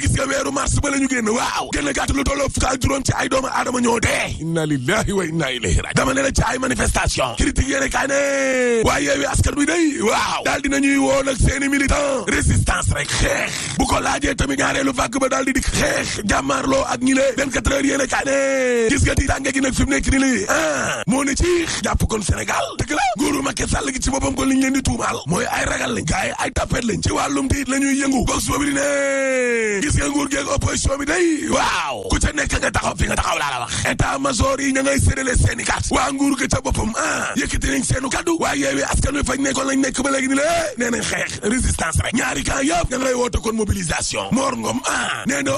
léegi ca weeru mars ba la ñu génn waaw gën a gàtt lu tolloo fukk ak juróom ci ay doomu aadama ñoo dee inna lillahi wa inna ilayhi raji dama ne la ci ay manifestation critique yéene kaa waaye yeewi askan bi day waaw daal dinañuy woon ak seeni militant résistance rek xeex bu ko laajee tamit ñaareelu vague ba daal di dik xeex jàmmaarloo ak ñi le 24 heures yéene gis nga tiitaange gi nag fi mu li ah moo ne ci jàpp kon Sénégal dëgg la nguuru Macky Sall gi ci boppam kon nguur geeg opposition bi day waaw ku ca nekk nga taxaw fi nga taxaw laa la wax état major yi ña ngay séddale seeni carte waa nguur gi ca boppam ah yëkkati nañ seenu kaddu waaye yeewi askan wi fañ nekkoon lañ nekk ba léegi ni la nee xeex résistance rek ñaari camp yëpp ña woote kon mobilisation Mor Ngom ah nee na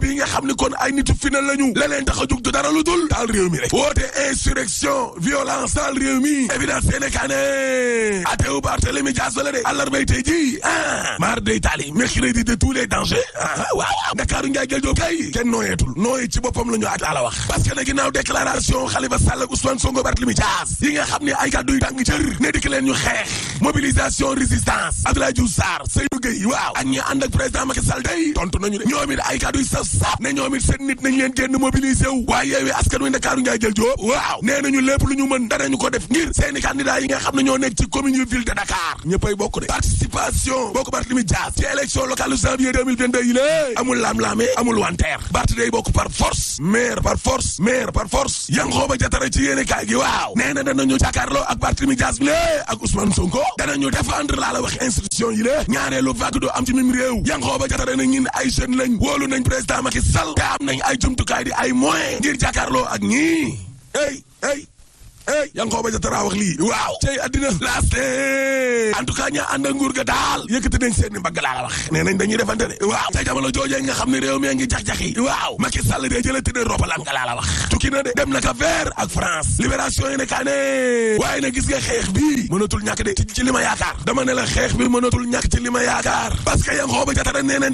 bi nga xam kon ay nitu final lañu la leen tax a jug dara lu dul daal réew rek woote insurrection violence daal réew mi évidence waaw Ndakaaru njaay gël joob kenn nooyeetul nooye ci boppam la ñu aj la wax parce que na ginnaaw déclaration Khalifa Sall ak Ousmane Sonko Barthélémy Dias yi nga xam ne ay kàddu yu tàng jër ne dikk leen ñu xeex mobilisation résistance Abdoulaye Diouf Sarr Seydou Gueye waaw ak ñi ànd ak président Macky Sall day tontu nañu ne ñoom ay kàddu saf saf ne ñoom seen nit nañ leen génn mobiliser waaye yeewee askan wi Ndakaaru njaay gël waaw nee nañu lépp lu ñu mën danañu ko def ngir seeni candidat xam ne ñoo nekk ci commune yu ville amul laam-laamee amul wanteer Barth day bokk par force maire par force maire par force Yankhoba Diattara ci yéene kaay gi waaw nee na danañu jàkkaarloo ak Barthélémy Dias bi ak Ousmane Sonko danañu défendre laa la wax institution yi lée ñaareelu vague doo am ci mim réew Yankhoba Diattara na ñin ay jeunes lañ wóolu nañ président Macky Sall te am nañ ay jumtukaay di ay moyens ngir jàkkaarloo ak ñii hey hey ey eh, Yankhoba Diattara wax lii waaw cey addina laaste en tout cas ña ànd ak nguur ga daal yëkkati nañ seen ni mbagg laa la wax nee nañ dañuy defante de waaw jamono joojee nga xam ne réew mi ngi jax-jax yi waaw Macky Sall dee jëlati na ropalaan nga laa la wax na de dem naka vers ak France libération yi ne kaa waaye na gis nga xeex bi mënatul ñàkk de ci li ma yaakaar dama ne la xeex bi mënatul ñàkk ci li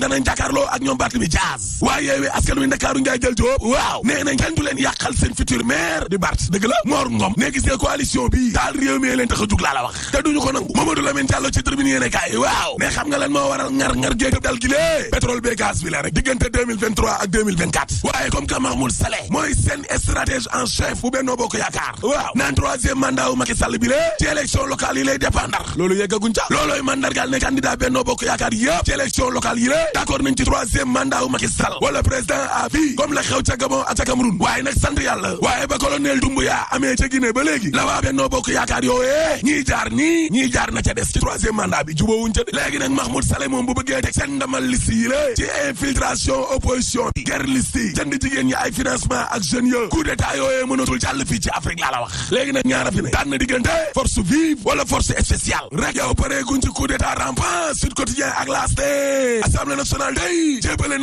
danañ jàkkaarloo ak ñoom Barthélémy Dias waaye yeewi askan wi Ndakaaru njaay jël joob waaw nee nañ kenn du leen seen futur maire di Barth dëgg la Mor Ngom ne gis nga coalition bi daal réew mi tax a jug laa la wax te duñu ko nangu Mamadou Lamine Diallo ci tribune yéene waaw ne xam nga lan moo waral ngar ngar géej dal gi lée pétrole bee gaz bi la rek diggante ak 2024 waaye comme que Mahmoud Saleh mooy seen stratège en chef bu Benno Bokk Yaakaar waaw naan troisième mandat wu Macky Sall bi lée ci élection locale yi lay dépendre loolu yeggaguñ ca loolooy mandargal ne candidat Benno Bokk Yaakaar amee ba léegi la waa Benno Bokk Yaakaar yooyee ñii jaar nii ñii jaar na ca des ci troisième mandat bi jubóowuñ ca léegi nag Mahmoud Saleh bu bëggee teg seen ndamal liste yi la ci infiltration opposition bi guerre jënd jigéen ñi ay financement ak jeunes ya coup d'état yooyee mënatul jàll fii ci Afrique laa la wax léegi nag ñaara tànn diggante force vive wala force spéciale rek yow paree ci coup d'état rampant Sud Quotidien ak laas assemblée nationale day jébbale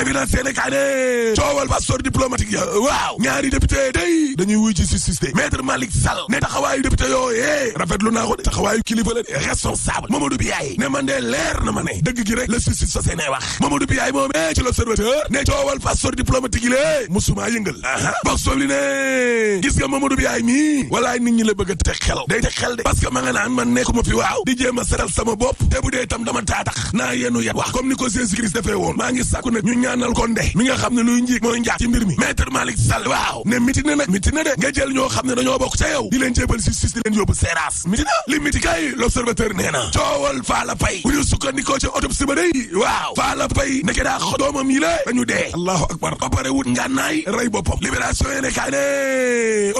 évidence yéene coowal passeport diplomatique ya waaw ñaari député day dañuy wuy ci justice de maître Malick ne taxawaayu député yooyee rafetlu naa ko taxawaayu kilifa la de responsable Mamadou Biaye ne man de leer na ma ne dëgg gi rek la justice sa seenee wax Mamadou Biaye moom eh ci l'observateur ne coowal passeport diplomatique yi lée musuma yëngal aha box boobu li ne gis nga Mamadou Biaye mii walaay nit ñi la bëgg a xel day teg xel de parce ma a ñaanal kon de mi nga xam ne luy njiig mooy njaat ci mbir mi maître Malick Sall waaw ne miti nag miti de nga jël ñoo xam ne dañoo bokk ca di leen jébal justice di leen yóbbu seeraas miti li miti kay l'observateur coowal Falla Paye bu ñu sukkandikoo ci autopsie ba day la dañu dee allahu akbar ba pare wut ngànnaay rey boppam libération yéene kaay ne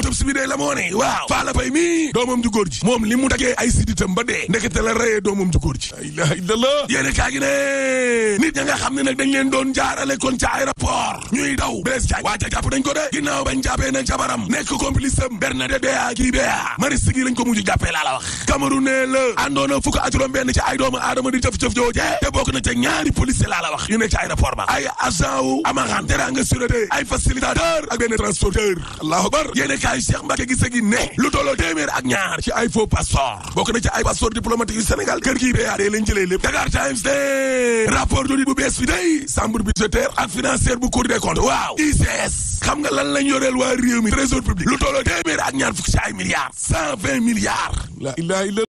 waaw Falla Paye mi doomam ju ji moom li mu dagee ay siditam ba dee ndekete la reyee doomam ju góor ji la ilaha illallah yéene kaay ne nit ña nga xam ne nag dañ leen doon jaarale kon ca aéroport ñuy daw Blaise Diagne waa ja jàpp dañ ko de ginnaaw bañ jàppee nag jabaram nekk fukk ak juróom benn ay doomu aadama di jëf-jëf jooje te bokk na ca ñaari policier laa la wax yu ne lu ay faux bokk na ci ay passeport diplomatique Sénégal kër kii Béa dee lañ jëlee lépp Dakar Times de rapport jodi bu bees bi day chambre bi budgétaire ak financière bu Cour des comptes waaw ICS ak ñaar fukk ci ay milliards vingt milliards